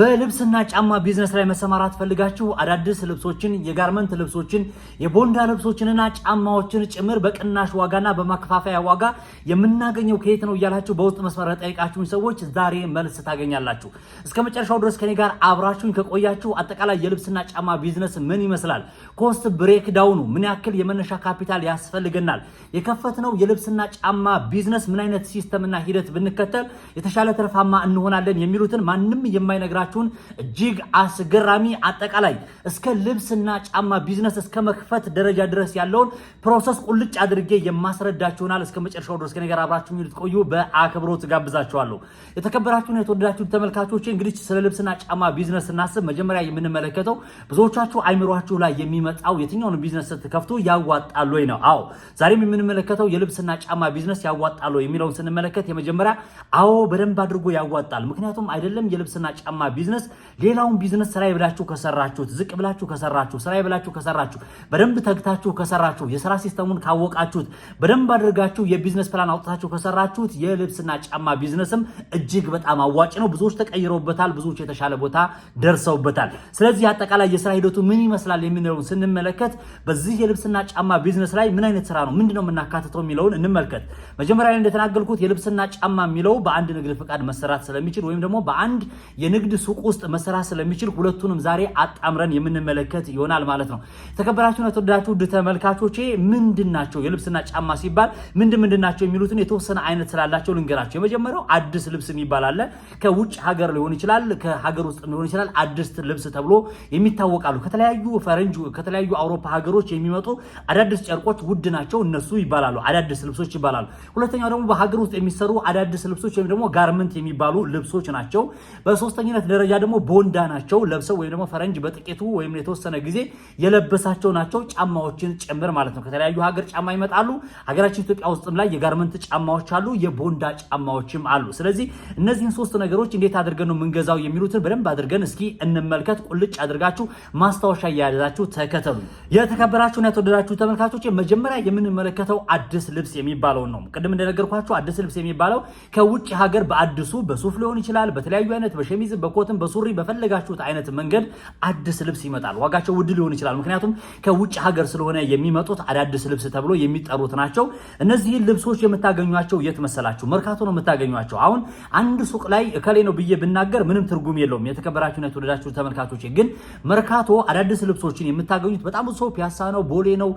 በልብስና ጫማ ቢዝነስ ላይ መሰማራት ፈልጋችሁ አዳዲስ ልብሶችን፣ የጋርመንት ልብሶችን፣ የቦንዳ ልብሶችንና ጫማዎችን ጭምር በቅናሽ ዋጋና በማከፋፈያ ዋጋ የምናገኘው ከየት ነው እያላችሁ በውስጥ መስመር ጠይቃችሁኝ ሰዎች ዛሬ መልስ ታገኛላችሁ። እስከ መጨረሻው ድረስ ከኔ ጋር አብራችሁኝ ከቆያችሁ አጠቃላይ የልብስና ጫማ ቢዝነስ ምን ይመስላል፣ ኮስት ብሬክ ዳውኑ ምን ያክል የመነሻ ካፒታል ያስፈልገናል፣ የከፈትነው የልብስና ጫማ ቢዝነስ ምን አይነት ሲስተምና ሂደት ብንከተል የተሻለ ትርፋማ እንሆናለን የሚሉትን ማንም የማይነግራችሁ ያላችሁን እጅግ አስገራሚ አጠቃላይ እስከ ልብስና ጫማ ቢዝነስ እስከ መክፈት ደረጃ ድረስ ያለውን ፕሮሰስ ቁልጭ አድርጌ የማስረዳችሁናል። እስከ መጨረሻው ድረስ ከነገር አብራችሁ ቆዩ፣ በአክብሮት ጋብዛችኋለሁ። የተከበራችሁን የተወደዳችሁ ተመልካቾች እንግዲህ ስለ ልብስና ጫማ ቢዝነስ ስናስብ መጀመሪያ የምንመለከተው ብዙዎቻችሁ አይምሯችሁ ላይ የሚመጣው የትኛውን ቢዝነስ ስትከፍቱ ያዋጣሉ ወይ ነው። አዎ ዛሬም የምንመለከተው የልብስና ጫማ ቢዝነስ ያዋጣሉ የሚለውን ስንመለከት የመጀመሪያ አዎ በደንብ አድርጎ ያዋጣል። ምክንያቱም አይደለም የልብስና ጫማ ቢዝነስ ሌላውን ቢዝነስ ስራዬ ብላችሁ ከሰራችሁት፣ ዝቅ ብላችሁ ከሰራችሁ፣ ስራዬ ብላችሁ ከሰራችሁ፣ በደንብ ተግታችሁ ከሰራችሁ፣ የስራ ሲስተሙን ካወቃችሁት፣ በደንብ አድርጋችሁ የቢዝነስ ፕላን አውጥታችሁ ከሰራችሁት የልብስና ጫማ ቢዝነስም እጅግ በጣም አዋጭ ነው። ብዙዎች ተቀይረውበታል፣ ብዙዎች የተሻለ ቦታ ደርሰውበታል። ስለዚህ አጠቃላይ የስራ ሂደቱ ምን ይመስላል የሚለውን ስንመለከት በዚህ የልብስና ጫማ ቢዝነስ ላይ ምን አይነት ስራ ነው ምንድነው የምናካትተው የሚለውን እንመልከት። መጀመሪያ ላይ እንደተናገልኩት የልብስና ጫማ የሚለው በአንድ ንግድ ፈቃድ መሰራት ስለሚችል ወይም ደግሞ በአንድ የንግድ ሱቅ ውስጥ መሰራት ስለሚችል ሁለቱንም ዛሬ አጣምረን የምንመለከት ይሆናል ማለት ነው። ተከበራችሁና የተወደዳችሁ ውድ ተመልካቾቼ ምንድን ናቸው የልብስና ጫማ ሲባል ምንድን ምንድን ናቸው የሚሉትን የተወሰነ አይነት ስላላቸው ልንገራቸው። የመጀመሪያው አዲስ ልብስ የሚባል አለ። ከውጭ ሀገር ሊሆን ይችላል፣ ከሀገር ውስጥ ሊሆን ይችላል። አዲስ ልብስ ተብሎ የሚታወቃሉ። ከተለያዩ ፈረንጅ፣ ከተለያዩ አውሮፓ ሀገሮች የሚመጡ አዳዲስ ጨርቆች ውድ ናቸው፣ እነሱ ይባላሉ፣ አዳዲስ ልብሶች ይባላሉ። ሁለተኛው ደግሞ በሀገር ውስጥ የሚሰሩ አዳዲስ ልብሶች ወይም ደግሞ ጋርመንት የሚባሉ ልብሶች ናቸው። በሶስተኝነት ደረጃ ደግሞ ቦንዳ ናቸው ለብሰው ወይም ደግሞ ፈረንጅ በጥቂቱ ወይም የተወሰነ ጊዜ የለበሳቸው ናቸው ጫማዎችን ጭምር ማለት ነው። ከተለያዩ ሀገር ጫማ ይመጣሉ። ሀገራችን ኢትዮጵያ ውስጥም ላይ የጋርመንት ጫማዎች አሉ፣ የቦንዳ ጫማዎችም አሉ። ስለዚህ እነዚህን ሶስት ነገሮች እንዴት አድርገን ነው የምንገዛው የሚሉትን በደንብ አድርገን እስኪ እንመልከት። ቁልጭ አድርጋችሁ ማስታወሻ እያያዛችሁ ተከተሉ። የተከበራችሁና የተወደዳችሁ ተመልካቾች መጀመሪያ የምንመለከተው አዲስ ልብስ የሚባለውን ነው። ቅድም እንደነገርኳችሁ አዲስ ልብስ የሚባለው ከውጭ ሀገር በአዲሱ በሱፍ ሊሆን ይችላል በተለያዩ አይነት በሸሚዝ በኮ በኮትም በሱሪ በፈለጋችሁት አይነት መንገድ አዲስ ልብስ ይመጣል። ዋጋቸው ውድ ሊሆን ይችላል፣ ምክንያቱም ከውጭ ሀገር ስለሆነ የሚመጡት አዳዲስ ልብስ ተብሎ የሚጠሩት ናቸው። እነዚህን ልብሶች የምታገኟቸው የት መሰላችሁ? መርካቶ ነው የምታገኟቸው። አሁን አንድ ሱቅ ላይ እከሌ ነው ብዬ ብናገር ምንም ትርጉም የለውም። የተከበራችሁና የተወደዳችሁ ተመልካቾች ግን መርካቶ አዳዲስ ልብሶችን የምታገኙት በጣም ብዙ ሰው ፒያሳ ነው፣ ቦሌ ነው፣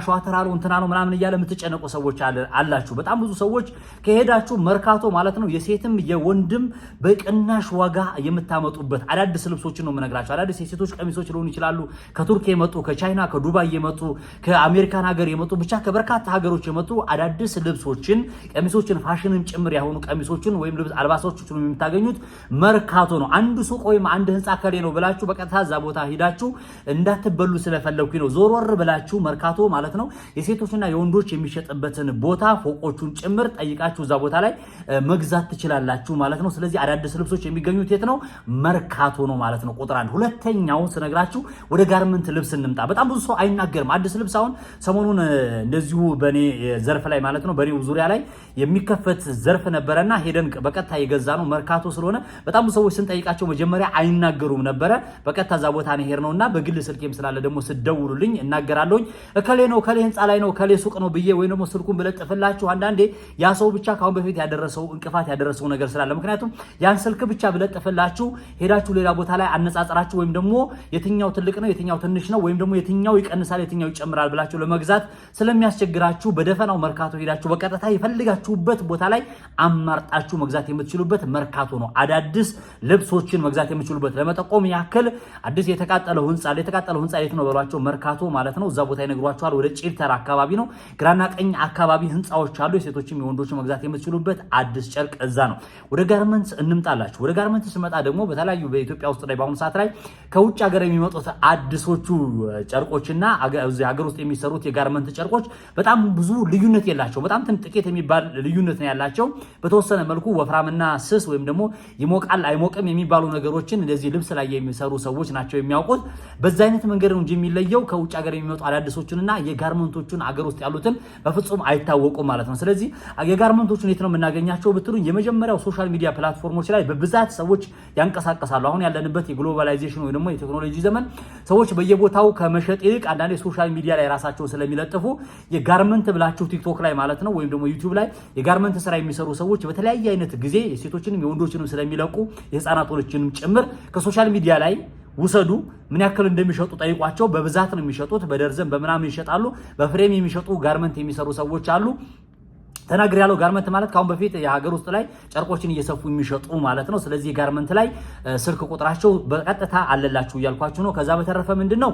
አሸዋተራ ነው፣ እንትና ነው ምናምን እያለ የምትጨነቁ ሰዎች አላችሁ። በጣም ብዙ ሰዎች ከሄዳችሁ መርካቶ ማለት ነው የሴትም የወንድም በቅናሽ ዋጋ የምታመጡበት አዳዲስ ልብሶችን ነው የምነግራቸው። አዳዲስ የሴቶች ቀሚሶች ሊሆኑ ይችላሉ። ከቱርክ የመጡ ከቻይና ከዱባይ የመጡ ከአሜሪካን ሀገር የመጡ ብቻ ከበርካታ ሀገሮች የመጡ አዳዲስ ልብሶችን፣ ቀሚሶችን፣ ፋሽንን ጭምር ያሆኑ ቀሚሶችን ወይም ልብስ አልባሳቶችን የምታገኙት መርካቶ ነው። አንድ ሱቅ ወይም አንድ ህንፃ ከሌ ነው ብላችሁ በቀጥታ እዛ ቦታ ሂዳችሁ እንዳትበሉ ስለፈለግኩኝ ነው። ዞሮር ብላችሁ መርካቶ ማለት ነው የሴቶችና የወንዶች የሚሸጥበትን ቦታ ፎቆቹን ጭምር ጠይቃችሁ እዛ ቦታ ላይ መግዛት ትችላላችሁ ማለት ነው። ስለዚህ አዳዲስ ልብሶች የሚገኙት የት ነው? ነው መርካቶ ነው ማለት ነው። ቁጥር አንድ ሁለተኛውን ስነግራችሁ ወደ ጋርመንት ልብስ እንምጣ። በጣም ብዙ ሰው አይናገርም። አዲስ ልብስ አሁን ሰሞኑን እንደዚሁ በእኔ ዘርፍ ላይ ማለት ነው በእኔው ዙሪያ ላይ የሚከፈት ዘርፍ ነበረና ሄደን በቀጥታ የገዛ ነው መርካቶ ስለሆነ በጣም ብዙ ሰዎች ስንጠይቃቸው መጀመሪያ አይናገሩም ነበረ። በቀጥታ እዛ ቦታ ነው ሄር በግል ስልኬም ስላለ ደግሞ ስደውሉልኝ እናገራለሁኝ። እከሌ ነው እከሌ ህንፃ ላይ ነው እከሌ ሱቅ ነው ብዬ ወይ ደግሞ ስልኩን ብለጥፍላችሁ አንዳንዴ ያ ሰው ብቻ ከአሁን በፊት ያደረሰው እንቅፋት ያደረሰው ነገር ስላለ ምክንያቱም ያን ስልክ ብቻ ብለጥፍላ ብላችሁ ሄዳችሁ ሌላ ቦታ ላይ አነጻጽራችሁ ወይም ደግሞ የትኛው ትልቅ ነው የትኛው ትንሽ ነው ወይም ደግሞ የትኛው ይቀንሳል የትኛው ይጨምራል ብላችሁ ለመግዛት ስለሚያስቸግራችሁ በደፈናው መርካቶ ሄዳችሁ በቀጥታ የፈልጋችሁበት ቦታ ላይ አማርጣችሁ መግዛት የምትችሉበት መርካቶ ነው። አዳዲስ ልብሶችን መግዛት የምትችሉበት ለመጠቆም ያክል አዲስ የተቃጠለው ህንፃ የተቃጠለው ህንፃ የት ነው በሏቸው፣ መርካቶ ማለት ነው። እዛ ቦታ ይነግሯችኋል። ወደ ጭልተር አካባቢ ነው። ግራና ቀኝ አካባቢ ህንፃዎች አሉ። የሴቶችም የወንዶች መግዛት የምትችሉበት አዲስ ጨርቅ እዛ ነው። ወደ ጋርመንትስ እንምጣላችሁ። ወደ ጋርመንትስ ስመጣ ደግሞ በተለያዩ በኢትዮጵያ ውስጥ ላይ በአሁኑ ሰዓት ላይ ከውጭ ሀገር የሚመጡት አዲሶቹ ጨርቆችና ሀገር ውስጥ የሚሰሩት የጋርመንት ጨርቆች በጣም ብዙ ልዩነት የላቸው፣ በጣም ጥቂት የሚባል ልዩነት ነው ያላቸው። በተወሰነ መልኩ ወፍራምና ስስ ወይም ደግሞ ይሞቃል አይሞቅም የሚባሉ ነገሮችን እንደዚህ ልብስ ላይ የሚሰሩ ሰዎች ናቸው የሚያውቁት። በዛ አይነት መንገድ ነው እንጂ የሚለየው ከውጭ ሀገር የሚመጡ አዳዲሶቹንና የጋርመንቶቹን አገር ውስጥ ያሉትን በፍጹም አይታወቁም ማለት ነው። ስለዚህ የጋርመንቶቹን የት ነው የምናገኛቸው ብትሉ የመጀመሪያው ሶሻል ሚዲያ ፕላትፎርሞች ላይ በብዛት ሰዎች ያንቀሳቀሳሉ። አሁን ያለንበት የግሎባላይዜሽን ወይ ደግሞ የቴክኖሎጂ ዘመን ሰዎች በየቦታው ከመሸጥ ይልቅ አንዳንዴ ሶሻል ሚዲያ ላይ ራሳቸውን ስለሚለጥፉ የጋርመንት ብላችሁ ቲክቶክ ላይ ማለት ነው ወይም ደግሞ ዩቲዩብ ላይ የጋርመንት ስራ የሚሰሩ ሰዎች በተለያየ አይነት ጊዜ የሴቶችንም የወንዶችንም ስለሚለቁ የህፃናቶችንም ጭምር ከሶሻል ሚዲያ ላይ ውሰዱ። ምን ያክል እንደሚሸጡ ጠይቋቸው። በብዛት ነው የሚሸጡት፣ በደርዘን በምናምን ይሸጣሉ። በፍሬም የሚሸጡ ጋርመንት የሚሰሩ ሰዎች አሉ። ተናግር ያለው ጋርመንት ማለት ከአሁን በፊት የሀገር ውስጥ ላይ ጨርቆችን እየሰፉ የሚሸጡ ማለት ነው። ስለዚህ ጋርመንት ላይ ስልክ ቁጥራቸው በቀጥታ አለላችሁ እያልኳችሁ ነው። ከዛ በተረፈ ምንድን ነው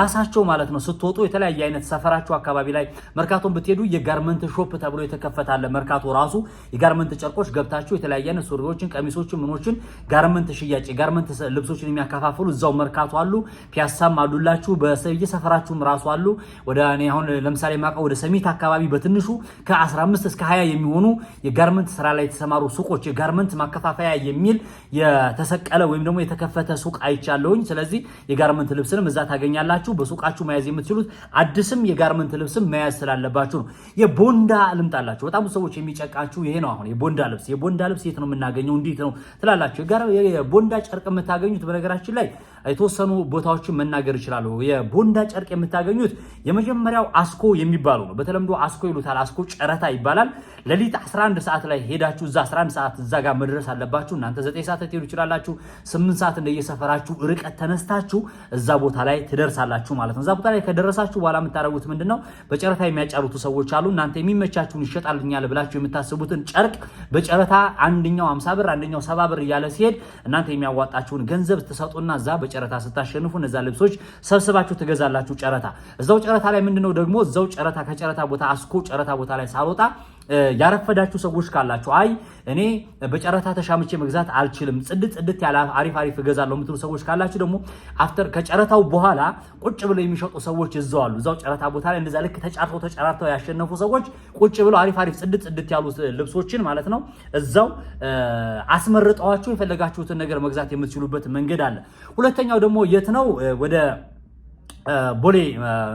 ራሳቸው ማለት ነው ስትወጡ የተለያየ አይነት ሰፈራቸው አካባቢ ላይ መርካቶን ብትሄዱ የጋርመንት ሾፕ ተብሎ የተከፈታለ መርካቶ ራሱ የጋርመንት ጨርቆች ገብታችሁ የተለያየ አይነት ሱሪዎችን፣ ቀሚሶችን፣ ምኖችን ጋርመንት ሽያጭ ጋርመንት ልብሶችን የሚያከፋፍሉ እዛው መርካቶ አሉ። ፒያሳም አሉላችሁ። በየሰፈራችሁም ራሱ አሉ። ወደ አሁን ለምሳሌ ማውቀው ወደ ሰሚት አካባቢ በትንሹ ከ ከ15 እስከ 20 የሚሆኑ የጋርመንት ስራ ላይ የተሰማሩ ሱቆች የጋርመንት ማከፋፈያ የሚል የተሰቀለ ወይም ደግሞ የተከፈተ ሱቅ አይቻለሁኝ። ስለዚህ የጋርመንት ልብስንም እዛ ታገኛላችሁ። በሱቃችሁ መያዝ የምትችሉት አዲስም የጋርመንት ልብስም መያዝ ስላለባችሁ ነው። የቦንዳ ልምጣላችሁ። በጣም ሰዎች የሚጨቃችሁ ይሄ ነው። አሁን የቦንዳ ልብስ የቦንዳ ልብስ የት ነው የምናገኘው? እንዴት ነው ትላላችሁ። የቦንዳ ጨርቅ የምታገኙት በነገራችን ላይ የተወሰኑ ቦታዎችን መናገር ይችላሉ። የቦንዳ ጨርቅ የምታገኙት የመጀመሪያው አስኮ የሚባለው ነው። በተለምዶ አስኮ ይሉታል። አስኮ ጨረታ ይባላል። ሌሊት 11 ሰዓት ላይ ሄዳችሁ እዛ 11 ሰዓት እዛ ጋር መድረስ አለባችሁ። እናንተ 9 ሰዓት ትሄዱ ይችላላችሁ፣ 8 ሰዓት እንደየሰፈራችሁ ርቀት ተነስታችሁ እዛ ቦታ ላይ ትደርሳላችሁ ማለት ነው። እዛ ቦታ ላይ ከደረሳችሁ በኋላ የምታደርጉት ምንድን ነው? በጨረታ የሚያጫሩቱ ሰዎች አሉ። እናንተ የሚመቻችሁን ይሸጣልኛል ብላችሁ የምታስቡትን ጨርቅ በጨረታ አንደኛው 50 ብር አንደኛው 70 ብር እያለ ሲሄድ እናንተ የሚያዋጣችሁን ገንዘብ ትሰጡና እዛ በጨረታ ስታሸንፉ እነዛ ልብሶች ሰብስባችሁ ትገዛላችሁ። ጨረታ እዛው ጨረታ ላይ ምንድነው ደግሞ እዛው ጨረታ ከጨረታ ቦታ አስኮ ጨረታ ቦታ ላይ ሳልወጣ ሲወጣ ያረፈዳችሁ ሰዎች ካላችሁ አይ እኔ በጨረታ ተሻምቼ መግዛት አልችልም፣ ጽድት ጽድት ያለ አሪፍ አሪፍ እገዛለሁ የምትሉ ሰዎች ካላችሁ ደግሞ አፍተር ከጨረታው በኋላ ቁጭ ብለው የሚሸጡ ሰዎች እዛው አሉ። እዛው ጨረታ ቦታ ላይ እንደዛ ልክ ተጫርተው ተጨራርተው ያሸነፉ ሰዎች ቁጭ ብለው አሪፍ አሪፍ ጽድት ጽድት ያሉ ልብሶችን ማለት ነው እዛው አስመርጠዋችሁ የፈለጋችሁትን ነገር መግዛት የምትችሉበት መንገድ አለ። ሁለተኛው ደግሞ የት ነው ወደ ቦሌ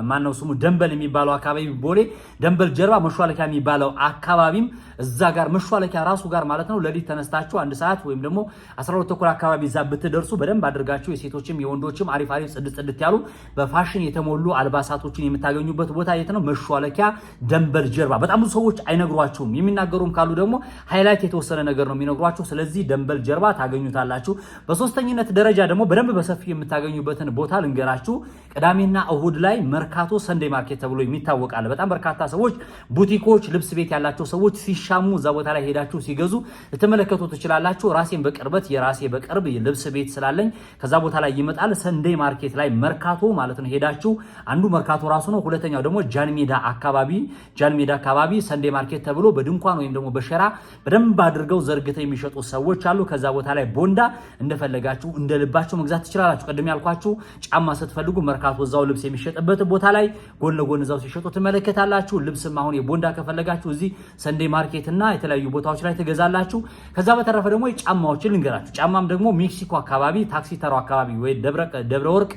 ማነው ስሙ ደንበል የሚባለው አካባቢ ቦሌ ደንበል ጀርባ መሿለኪያ የሚባለው አካባቢም እዛ ጋር መሿለኪያ ራሱ ጋር ማለት ነው። ለሊት ተነስታችሁ አንድ ሰዓት ወይም ደግሞ 12 ተኩል አካባቢ እዛ ብትደርሱ በደንብ አድርጋችሁ የሴቶችም የወንዶችም አሪፍ አሪፍ ጽድት ጽድት ያሉ በፋሽን የተሞሉ አልባሳቶችን የምታገኙበት ቦታ የት ነው? መሿለኪያ ደንበል ጀርባ። በጣም ብዙ ሰዎች አይነግሯችሁም። የሚናገሩም ካሉ ደግሞ ሃይላይት የተወሰነ ነገር ነው የሚነግሯችሁ። ስለዚህ ደንበል ጀርባ ታገኙታላችሁ። በሶስተኝነት ደረጃ ደግሞ በደንብ በሰፊ የምታገኙበትን ቦታ ልንገራችሁ ቅዳሜ ቅዳሜና እሁድ ላይ መርካቶ ሰንደይ ማርኬት ተብሎ የሚታወቅ በጣም በርካታ ሰዎች ቡቲኮች፣ ልብስ ቤት ያላቸው ሰዎች ሲሻሙ እዛ ቦታ ላይ ሄዳችሁ ሲገዙ ልትመለከቱ ትችላላችሁ። ራሴን በቅርበት የራሴ በቅርብ ልብስ ቤት ስላለኝ ከዛ ቦታ ላይ ይመጣል። ሰንደይ ማርኬት ላይ መርካቶ ማለት ነው። ሄዳችሁ አንዱ መርካቶ ራሱ ነው። ሁለተኛው ደግሞ ጃንሜዳ አካባቢ ጃንሜዳ አካባቢ ሰንደይ ማርኬት ተብሎ በድንኳን ወይም ደግሞ በሸራ በደንብ አድርገው ዘርግተው የሚሸጡ ሰዎች አሉ። ከዛ ቦታ ላይ ቦንዳ እንደፈለጋችሁ እንደልባችሁ መግዛት ትችላላችሁ። ቀደም ያልኳችሁ ጫማ ስትፈልጉ መርካቶ እዛው ልብስ የሚሸጥበት ቦታ ላይ ጎን ለጎን እዛው ሲሸጡ ትመለከታላችሁ። ልብስም አሁን የቦንዳ ከፈለጋችሁ እዚህ ሰንዴ ማርኬት እና የተለያዩ ቦታዎች ላይ ትገዛላችሁ። ከዛ በተረፈ ደግሞ ጫማዎችን ልንገራችሁ። ጫማም ደግሞ ሜክሲኮ አካባቢ ታክሲ ተራው አካባቢ ወይ ደብረ ወርቅ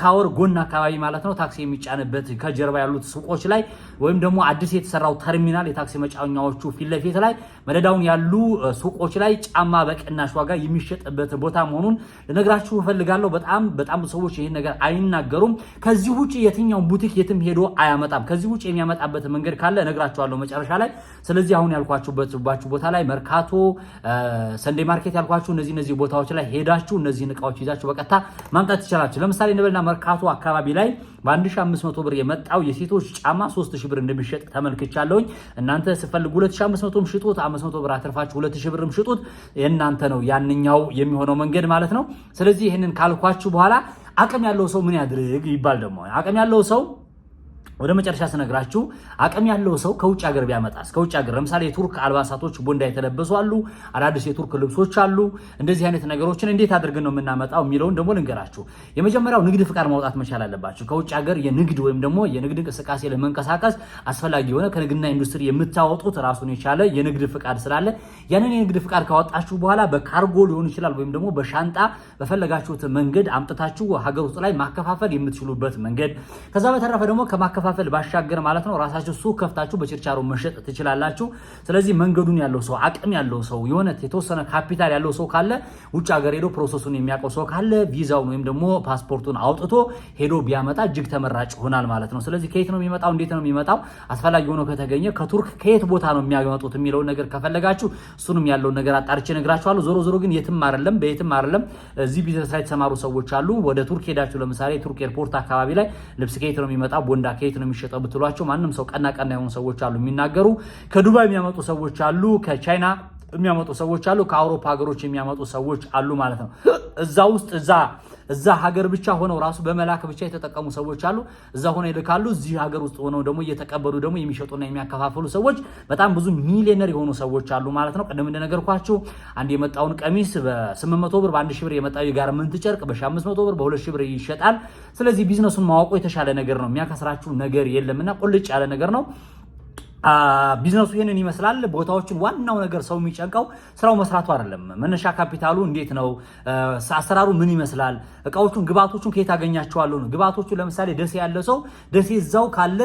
ታወር ጎን አካባቢ ማለት ነው ታክሲ የሚጫንበት ከጀርባ ያሉት ሱቆች ላይ ወይም ደግሞ አዲስ የተሰራው ተርሚናል የታክሲ መጫኛዎቹ ፊት ለፊት ላይ መደዳውን ያሉ ሱቆች ላይ ጫማ በቅናሽ ዋጋ የሚሸጥበት ቦታ መሆኑን ልነግራችሁ እፈልጋለሁ። በጣም በጣም ሰዎች ይህን ነገር አይናገሩም። ከዚህ ውጭ የትኛውን ቡቲክ የትም ሄዶ አያመጣም። ከዚህ ውጭ የሚያመጣበት መንገድ ካለ እነግራችኋለሁ መጨረሻ ላይ። ስለዚህ አሁን ያልኳችሁባችሁ ቦታ ላይ መርካቶ፣ ሰንዴ ማርኬት ያልኳችሁ እነዚህ እነዚህ ቦታዎች ላይ ሄዳችሁ እነዚህን እቃዎች ይዛችሁ በቀጥታ ማምጣት ትችላችሁ። ለምሳሌ እንበልና መርካቶ አካባቢ ላይ በ1500 ብር የመጣው የሴቶች ጫማ 3000 ብር እንደሚሸጥ ተመልክቻለሁኝ። እናንተ ስፈልጉ 2500ም ሽጡት፣ 500 ብር አትርፋችሁ 2000 ብርም ሽጡት። የእናንተ ነው ያንኛው የሚሆነው መንገድ ማለት ነው። ስለዚህ ይህንን ካልኳችሁ በኋላ አቅም ያለው ሰው ምን ያድርግ ይባል ደግሞ አቅም ያለው ሰው ወደ መጨረሻ ስነግራችሁ አቅም ያለው ሰው ከውጭ ሀገር ቢያመጣስ? ከውጭ ሀገር ለምሳሌ የቱርክ አልባሳቶች ቦንዳ የተለበሱ አሉ፣ አዳዲስ የቱርክ ልብሶች አሉ። እንደዚህ አይነት ነገሮችን እንዴት አድርገን ነው የምናመጣው የሚለውን ደግሞ ልንገራችሁ። የመጀመሪያው ንግድ ፍቃድ ማውጣት መቻል አለባችሁ። ከውጭ ሀገር የንግድ ወይም ደግሞ የንግድ እንቅስቃሴ ለመንቀሳቀስ አስፈላጊ የሆነ ከንግድና ኢንዱስትሪ የምታወጡት ራሱን የቻለ የንግድ ፍቃድ ስላለ ያንን የንግድ ፍቃድ ካወጣችሁ በኋላ በካርጎ ሊሆን ይችላል ወይም ደግሞ በሻንጣ በፈለጋችሁት መንገድ አምጥታችሁ ሀገር ውስጥ ላይ ማከፋፈል የምትችሉበት መንገድ ከዛ በተረፈ ደግሞ ከማከፋፈል ከማከፋፈል ባሻገር ማለት ነው ራሳችሁ ሱቅ ከፍታችሁ በችርቻሮ መሸጥ ትችላላችሁ። ስለዚህ መንገዱን ያለው ሰው አቅም ያለው ሰው የሆነ የተወሰነ ካፒታል ያለው ሰው ካለ ውጭ ሀገር ሄዶ ፕሮሰሱን የሚያውቀው ሰው ካለ ቪዛውን ወይም ደግሞ ፓስፖርቱን አውጥቶ ሄዶ ቢያመጣ እጅግ ተመራጭ ይሆናል ማለት ነው። ስለዚህ ከየት ነው የሚመጣው? እንዴት ነው የሚመጣው? አስፈላጊ ሆኖ ከተገኘ ከቱርክ ከየት ቦታ ነው የሚያመጡት የሚለውን ነገር ከፈለጋችሁ እሱንም ያለውን ነገር አጣርቼ እነግራችኋለሁ። ዞሮ ዞሮ ግን የትም አይደለም በየትም አይደለም እዚህ ቢዝነስ ላይ የተሰማሩ ሰዎች አሉ። ወደ ቱርክ ሄዳችሁ ለምሳሌ ቱርክ ኤርፖርት አካባቢ ላይ ልብስ ከየት ነው የሚመጣው? ቦንዳ ከየት እንዴት ነው የሚሸጠው ብትሏቸው ማንም ሰው ቀና ቀና የሆኑ ሰዎች አሉ የሚናገሩ። ከዱባይ የሚያመጡ ሰዎች አሉ፣ ከቻይና የሚያመጡ ሰዎች አሉ፣ ከአውሮፓ ሀገሮች የሚያመጡ ሰዎች አሉ ማለት ነው እዛ ውስጥ እዛ እዛ ሀገር ብቻ ሆነው ራሱ በመላክ ብቻ የተጠቀሙ ሰዎች አሉ። እዛ ሆነው ይልካሉ። እዚህ ሀገር ውስጥ ሆነው ደግሞ እየተቀበሉ ደግሞ የሚሸጡና የሚያከፋፍሉ ሰዎች በጣም ብዙ ሚሊዮነር የሆኑ ሰዎች አሉ ማለት ነው። ቀደም እንደነገርኳችሁ አንድ የመጣውን ቀሚስ በ800 ብር በ1000 ብር የመጣው የጋርመንት ጨርቅ በ500 ብር በ2000 ብር ይሸጣል። ስለዚህ ቢዝነሱን ማወቁ የተሻለ ነገር ነው። የሚያከስራችሁ ነገር የለምና ቁልጭ ያለ ነገር ነው። ቢዝነሱ ይህንን ይመስላል። ቦታዎችን ዋናው ነገር ሰው የሚጨንቀው ስራው መስራቱ አይደለም። መነሻ ካፒታሉ እንዴት ነው? አሰራሩ ምን ይመስላል? እቃዎቹን፣ ግብአቶቹን ከየት አገኛቸዋለሁ ነው። ግብአቶቹ ለምሳሌ ደሴ ያለ ሰው ደሴ እዛው ካለ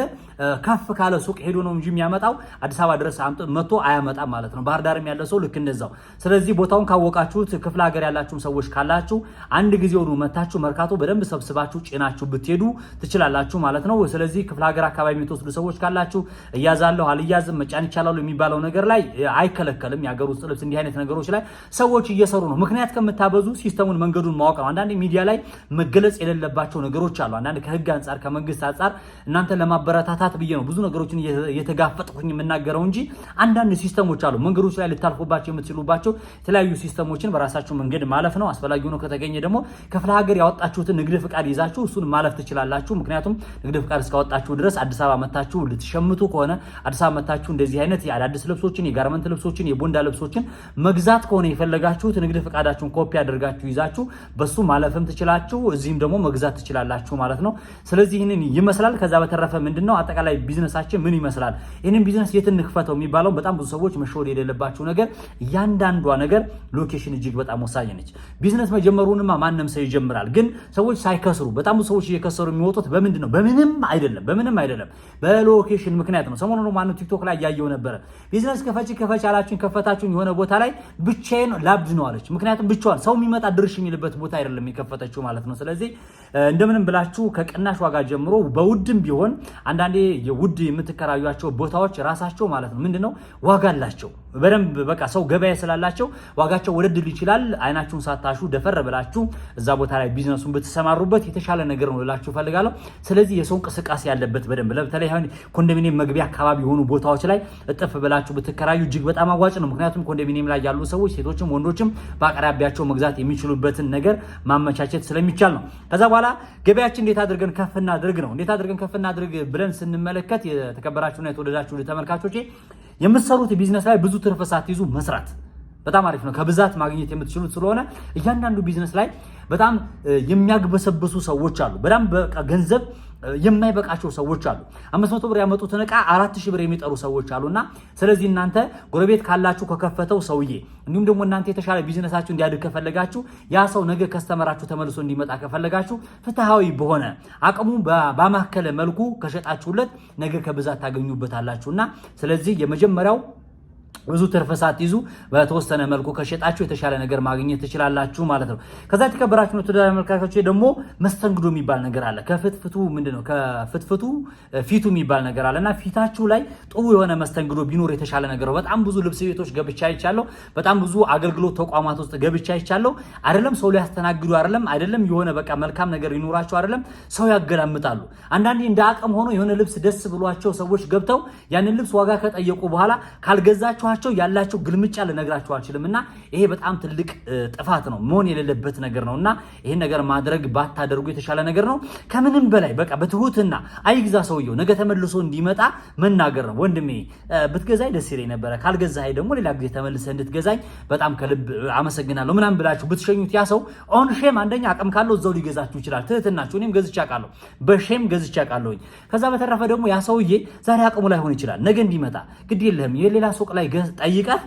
ከፍ ካለ ሱቅ ሄዶ ነው እንጂ የሚያመጣው አዲስ አበባ ድረስ መጥቶ አያመጣም ማለት ነው። ባህር ዳርም ያለ ሰው ልክ እንደዛው። ስለዚህ ቦታውን ካወቃችሁት ክፍለ ሀገር ያላችሁም ሰዎች ካላችሁ አንድ ጊዜ ሆኖ መታችሁ መርካቶ በደንብ ሰብስባችሁ ጭናችሁ ብትሄዱ ትችላላችሁ ማለት ነው። ስለዚህ ክፍለ ሀገር አካባቢ የምትወስዱ ሰዎች ካላችሁ እያዛለሁ አልያዝም መጫን ይቻላሉ የሚባለው ነገር ላይ አይከለከልም። የሀገር ውስጥ ልብስ እንዲህ አይነት ነገሮች ላይ ሰዎች እየሰሩ ነው። ምክንያት ከምታበዙ ሲስተሙን መንገዱን ማወቅ ነው። አንዳንድ ሚዲያ ላይ መገለጽ የሌለባቸው ነገሮች አሉ። አንዳንድ ከህግ አንጻር ከመንግስት አንጻር እናንተ ለማበረታታት ብዬ ነው ብዙ ነገሮችን እየተጋፈጥኩኝ የምናገረው እንጂ አንዳንድ ሲስተሞች አሉ መንገዶች ላይ ልታልፉባቸው የምትችሉባቸው የተለያዩ ሲስተሞችን በራሳችሁ መንገድ ማለፍ ነው። አስፈላጊ ሆኖ ከተገኘ ደግሞ ክፍለ ሀገር ያወጣችሁትን ንግድ ፍቃድ ይዛችሁ እሱን ማለፍ ትችላላችሁ። ምክንያቱም ንግድ ፍቃድ እስካወጣችሁ ድረስ አዲስ አበባ መታችሁ ልትሸምቱ ከሆነ አዲስ አዲስ አበባ መታችሁ እንደዚህ አይነት የአዳዲስ ልብሶችን የጋርመንት ልብሶችን የቦንዳ ልብሶችን መግዛት ከሆነ የፈለጋችሁት ንግድ ፈቃዳችሁን ኮፒ አድርጋችሁ ይዛችሁ በሱ ማለፍም ትችላችሁ፣ እዚህም ደግሞ መግዛት ትችላላችሁ ማለት ነው። ስለዚህ ይህንን ይመስላል። ከዛ በተረፈ ምንድን ነው አጠቃላይ ቢዝነሳችን ምን ይመስላል፣ ይህንን ቢዝነስ የት እንክፈተው የሚባለው በጣም ብዙ ሰዎች መሸወድ የሌለባቸው ነገር እያንዳንዷ ነገር ሎኬሽን እጅግ በጣም ወሳኝ ነች። ቢዝነስ መጀመሩንማ ማንም ሰው ይጀምራል፣ ግን ሰዎች ሳይከስሩ በጣም ብዙ ሰዎች እየከሰሩ የሚወጡት በምንድን ነው? በምንም አይደለም፣ በምንም አይደለም፣ በሎኬሽን ምክንያት ነው። ሰሞኑን ምናምን ቲክቶክ ላይ እያየው ነበረ። ቢዝነስ ከፈች ከፈች አላችሁኝ፣ ከፈታችሁኝ። የሆነ ቦታ ላይ ብቻዬን ላብድ ነው አለች። ምክንያቱም ብቻዋን ሰው የሚመጣ ድርሽ የሚልበት ቦታ አይደለም የከፈተችው ማለት ነው። ስለዚህ እንደምንም ብላችሁ ከቅናሽ ዋጋ ጀምሮ በውድም ቢሆን አንዳንዴ የውድ የምትከራዩቸው ቦታዎች ራሳቸው ማለት ነው ምንድነው ዋጋ አላቸው በደንብ በቃ ሰው ገበያ ስላላቸው ዋጋቸው ወደድ ይችላል። አይናችሁን ሳታሹ ደፈር ብላችሁ እዛ ቦታ ላይ ቢዝነሱን ብትሰማሩበት የተሻለ ነገር ነው ልላችሁ እፈልጋለሁ። ስለዚህ የሰው እንቅስቃሴ ያለበት በደንብ ለበተለይ ኮንዶሚኒየም መግቢያ አካባቢ የሆኑ ቦታዎች ላይ እጥፍ ብላችሁ ብትከራዩ እጅግ በጣም አዋጭ ነው። ምክንያቱም ኮንዶሚኒየም ላይ ያሉ ሰዎች ሴቶችም ወንዶችም በአቅራቢያቸው መግዛት የሚችሉበትን ነገር ማመቻቸት ስለሚቻል ነው። ከዛ በኋላ ገበያችን እንዴት አድርገን ከፍ እናድርግ ነው። እንዴት አድርገን ከፍ እናድርግ ብለን ስንመለከት የተከበራችሁና የተወደዳችሁ ተመልካቾቼ የምትሰሩት ቢዝነስ ላይ ብዙ ትርፍ ሳትይዙ መስራት በጣም አሪፍ ነው። ከብዛት ማግኘት የምትችሉት ስለሆነ እያንዳንዱ ቢዝነስ ላይ በጣም የሚያግበሰብሱ ሰዎች አሉ። በጣም በቃ ገንዘብ የማይበቃቸው ሰዎች አሉ። አምስት መቶ ብር ያመጡትን ዕቃ አራት ሺህ ብር የሚጠሩ ሰዎች አሉና ስለዚህ እናንተ ጎረቤት ካላችሁ ከከፈተው ሰውዬ እንዲሁም ደግሞ እናንተ የተሻለ ቢዝነሳችሁ እንዲያድግ ከፈለጋችሁ ያ ሰው ነገ ከስተመራችሁ ተመልሶ እንዲመጣ ከፈለጋችሁ ፍትሐዊ በሆነ አቅሙ ባማከለ መልኩ ከሸጣችሁለት ነገ ከብዛት እና ስለዚህ የመጀመሪያው ብዙ ትርፍ ሳትይዙ በተወሰነ መልኩ ከሸጣችሁ የተሻለ ነገር ማግኘት ትችላላችሁ ማለት ነው። ከዛ የተከበራችሁ ነው ተመልካቾች፣ ደግሞ መስተንግዶ የሚባል ነገር አለ። ከፍትፍቱ ምንድን ነው? ከፍትፍቱ ፊቱ የሚባል ነገር አለ እና ፊታችሁ ላይ ጥሩ የሆነ መስተንግዶ ቢኖር የተሻለ ነገር ነው። በጣም ብዙ ልብስ ቤቶች ገብቻ ይቻለሁ። በጣም ብዙ አገልግሎት ተቋማት ውስጥ ገብቻ ይቻለሁ። አይደለም ሰው ሊያስተናግዱ አይደለም አይደለም የሆነ በቃ መልካም ነገር ሊኖራቸው አይደለም ሰው ያገላምጣሉ። አንዳንዴ እንደ አቅም ሆኖ የሆነ ልብስ ደስ ብሏቸው ሰዎች ገብተው ያንን ልብስ ዋጋ ከጠየቁ በኋላ ካልገዛችኋ ናቸው ያላቸው ግልምጫ ልነግራቸው አልችልም። እና ይሄ በጣም ትልቅ ጥፋት ነው፣ መሆን የሌለበት ነገር ነው። እና ይህን ነገር ማድረግ ባታደርጉ የተሻለ ነገር ነው። ከምንም በላይ በቃ በትሁትና አይግዛ ሰውየው ነገ ተመልሶ እንዲመጣ መናገር ነው። ወንድሜ ብትገዛኝ ደስ ይለኝ ነበረ፣ ካልገዛኝ ደግሞ ሌላ ጊዜ ተመልሰ እንድትገዛኝ በጣም ከልብ አመሰግናለሁ ምናምን ብላችሁ ብትሸኙት ያ ሰው ኦን ሼም፣ አንደኛ አቅም ካለው እዛው ሊገዛችሁ ይችላል። ትህትናችሁ እኔም ገዝቼ አውቃለሁ፣ በሼም ገዝቼ አውቃለሁኝ። ከዛ በተረፈ ደግሞ ያ ሰውዬ ዛሬ አቅሙ ላይ ሆን ይችላል፣ ነገ እንዲመጣ ግድ የለህም የሌላ ሱቅ ላይ ጠይቀህ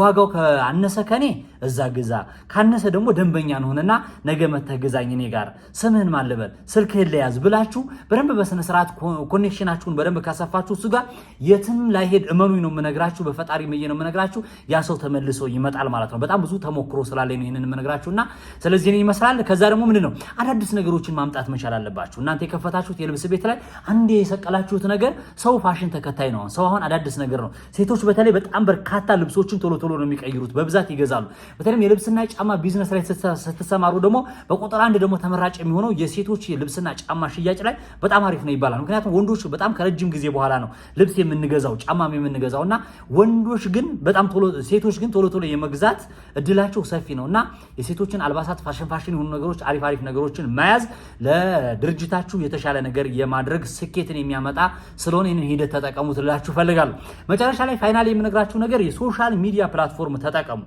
ዋጋው ከአነሰ ከኔ እዛ ግዛ፣ ካነሰ ደግሞ ደንበኛ እንሆንና ነገ መተህ ግዛኝ እኔ ጋር ስምህን ማልበል ስልክህን ለያዝ ብላችሁ በደንብ በስነ ስርዓት ኮኔክሽናችሁን በደንብ ካሰፋችሁ እሱ ጋር የትም ላይሄድ እመኑኝ ነው የምነግራችሁ። በፈጣሪ መየ ነው የምነግራችሁ። ያ ሰው ተመልሶ ይመጣል ማለት ነው። በጣም ብዙ ተሞክሮ ስላለኝ ነው ይህንን የምነግራችሁና ስለዚህ ነው ይመስላል። ከዛ ደግሞ ምንድን ነው አዳዲስ ነገሮችን ማምጣት መቻል አለባችሁ። እናንተ የከፈታችሁት የልብስ ቤት ላይ አንዴ የሰቀላችሁት ነገር ሰው ፋሽን ተከታይ ነው። ሰው አሁን አዳዲስ ነገር ነው። ሴቶች በተለይ በጣም በርካታ ልብሶችን ቶሎ ቶሎ ነው የሚቀይሩት፣ በብዛት ይገዛሉ። በተለይም የልብስና ጫማ ቢዝነስ ላይ ስትሰማሩ ደግሞ በቁጥር አንድ ደግሞ ተመራጭ የሚሆነው የሴቶች ልብስና ጫማ ሽያጭ ላይ በጣም አሪፍ ነው ይባላል። ምክንያቱም ወንዶች በጣም ከረጅም ጊዜ በኋላ ነው ልብስ የምንገዛው ጫማም የምንገዛው እና ወንዶች ግን በጣም ቶሎ ሴቶች ግን ቶሎ ቶሎ የመግዛት እድላቸው ሰፊ ነው እና የሴቶችን አልባሳት ፋሽን ፋሽን የሆኑ ነገሮች አሪፍ አሪፍ ነገሮችን መያዝ ለድርጅታችሁ የተሻለ ነገር የማድረግ ስኬትን የሚያመጣ ስለሆነ ይህንን ሂደት ተጠቀሙት ልላችሁ ፈልጋለሁ። መጨረሻ ላይ ፋይናል የምነግራችሁ ነገር የሶሻል ሚዲያ ፕላትፎርም ተጠቀሙ።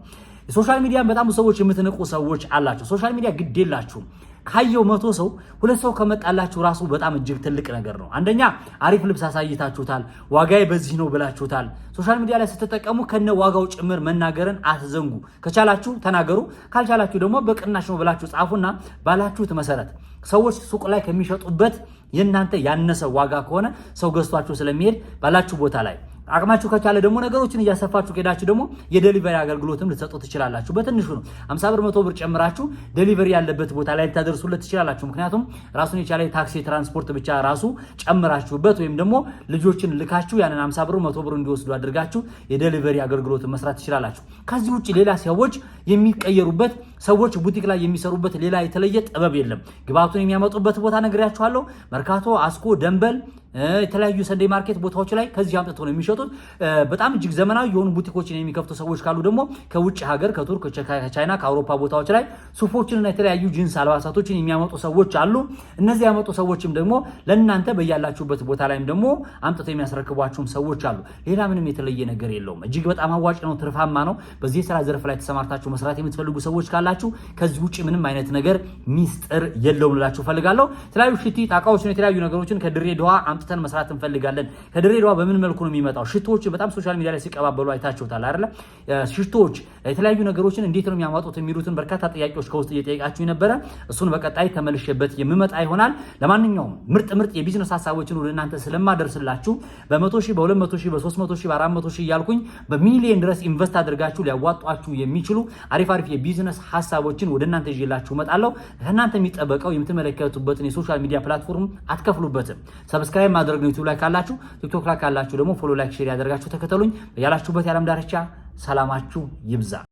ሶሻል ሚዲያን በጣም ሰዎች የምትንቁ ሰዎች አላችሁ። ሶሻል ሚዲያ ግድ የላችሁም። ካየው መቶ ሰው ሁለት ሰው ከመጣላችሁ ራሱ በጣም እጅግ ትልቅ ነገር ነው። አንደኛ አሪፍ ልብስ አሳይታችሁታል፣ ዋጋዬ በዚህ ነው ብላችሁታል። ሶሻል ሚዲያ ላይ ስትጠቀሙ ከነ ዋጋው ጭምር መናገርን አትዘንጉ። ከቻላችሁ ተናገሩ፣ ካልቻላችሁ ደግሞ በቅናሽ ነው ብላችሁ ጻፉና ባላችሁት መሰረት ሰዎች ሱቅ ላይ ከሚሸጡበት የእናንተ ያነሰ ዋጋ ከሆነ ሰው ገዝቷችሁ ስለሚሄድ ባላችሁ ቦታ ላይ አቅማችሁ ከቻለ ደግሞ ነገሮችን እያሰፋችሁ ከሄዳችሁ ደግሞ የደሊቨሪ አገልግሎትም ልትሰጡ ትችላላችሁ። በትንሹ ነው አምሳ ብር መቶ ብር ጨምራችሁ ደሊቨሪ ያለበት ቦታ ላይ ልታደርሱለት ትችላላችሁ። ምክንያቱም ራሱን የቻለ የታክሲ ትራንስፖርት ብቻ ራሱ ጨምራችሁበት ወይም ደግሞ ልጆችን ልካችሁ ያንን አምሳ ብር መቶ ብር እንዲወስዱ አድርጋችሁ የደሊቨሪ አገልግሎት መስራት ትችላላችሁ። ከዚህ ውጭ ሌላ ሰዎች የሚቀየሩበት ሰዎች ቡቲክ ላይ የሚሰሩበት ሌላ የተለየ ጥበብ የለም። ግብአቱን የሚያመጡበት ቦታ ነግሬያችኋለሁ። መርካቶ፣ አስኮ፣ ደንበል የተለያዩ ሰንደይ ማርኬት ቦታዎች ላይ ከዚህ አምጥቶ ነው የሚሸጡት። በጣም እጅግ ዘመናዊ የሆኑ ቡቲኮችን የሚከፍቱ ሰዎች ካሉ ደግሞ ከውጭ ሀገር ከቱርክ፣ ከቻይና፣ ከአውሮፓ ቦታዎች ላይ ሱፎችንና የተለያዩ ጂንስ አልባሳቶችን የሚያመጡ ሰዎች አሉ። እነዚህ ያመጡ ሰዎችም ደግሞ ለእናንተ በያላችሁበት ቦታ ላይም ደግሞ አምጥቶ የሚያስረክቧቸውም ሰዎች አሉ። ሌላ ምንም የተለየ ነገር የለውም። እጅግ በጣም አዋጭ ነው፣ ትርፋማ ነው። በዚህ የስራ ዘርፍ ላይ ተሰማርታችሁ መስራት የምትፈልጉ ሰዎች ካላችሁ ከዚህ ውጭ ምንም አይነት ነገር ሚስጥር የለውም ልላችሁ ፈልጋለሁ። የተለያዩ ሽቲ ጣቃዎችን የተለያዩ ነገሮችን ከድሬዳዋ አምጥተን መስራት እንፈልጋለን። ከድሬዳዋ በምን መልኩ ነው የሚመጣው? ሽቶዎችን በጣም ሶሻል ሚዲያ ላይ ሲቀባበሉ አይታችሁታል አይደለ? ሽቶዎች የተለያዩ ነገሮችን እንዴት ነው የሚያማጡት የሚሉትን በርካታ ጥያቄዎች ከውስጥ እየጠየቃችሁ የነበረ እሱን በቀጣይ ተመልሼበት የምመጣ ይሆናል። ለማንኛውም ምርጥ ምርጥ የቢዝነስ ሀሳቦችን ወደ እናንተ ስለማደርስላችሁ በመቶ ሺህ በሁለት መቶ ሺህ በሶስት መቶ ሺህ በአራት መቶ ሺህ እያልኩኝ በሚሊየን ድረስ ኢንቨስት አድርጋችሁ ሊያዋጧችሁ የሚችሉ አሪፍ አሪፍ የቢዝነስ ሀሳቦችን ወደ እናንተ ይዤላችሁ እመጣለሁ። ከእናንተ የሚጠበቀው የምትመለከቱበትን የሶሻል ሚዲያ ፕላትፎርም አትከፍሉበትም። ሰብስክራይብ ሰብስክራይብ ማድረግ ነው ዩቲዩብ ላይ ካላችሁ፣ ቲክቶክ ላይ ካላችሁ ደግሞ ፎሎ፣ ላይክ፣ ሼር ያደርጋችሁ ተከተሉኝ። ያላችሁበት የዓለም ዳርቻ ሰላማችሁ ይብዛ።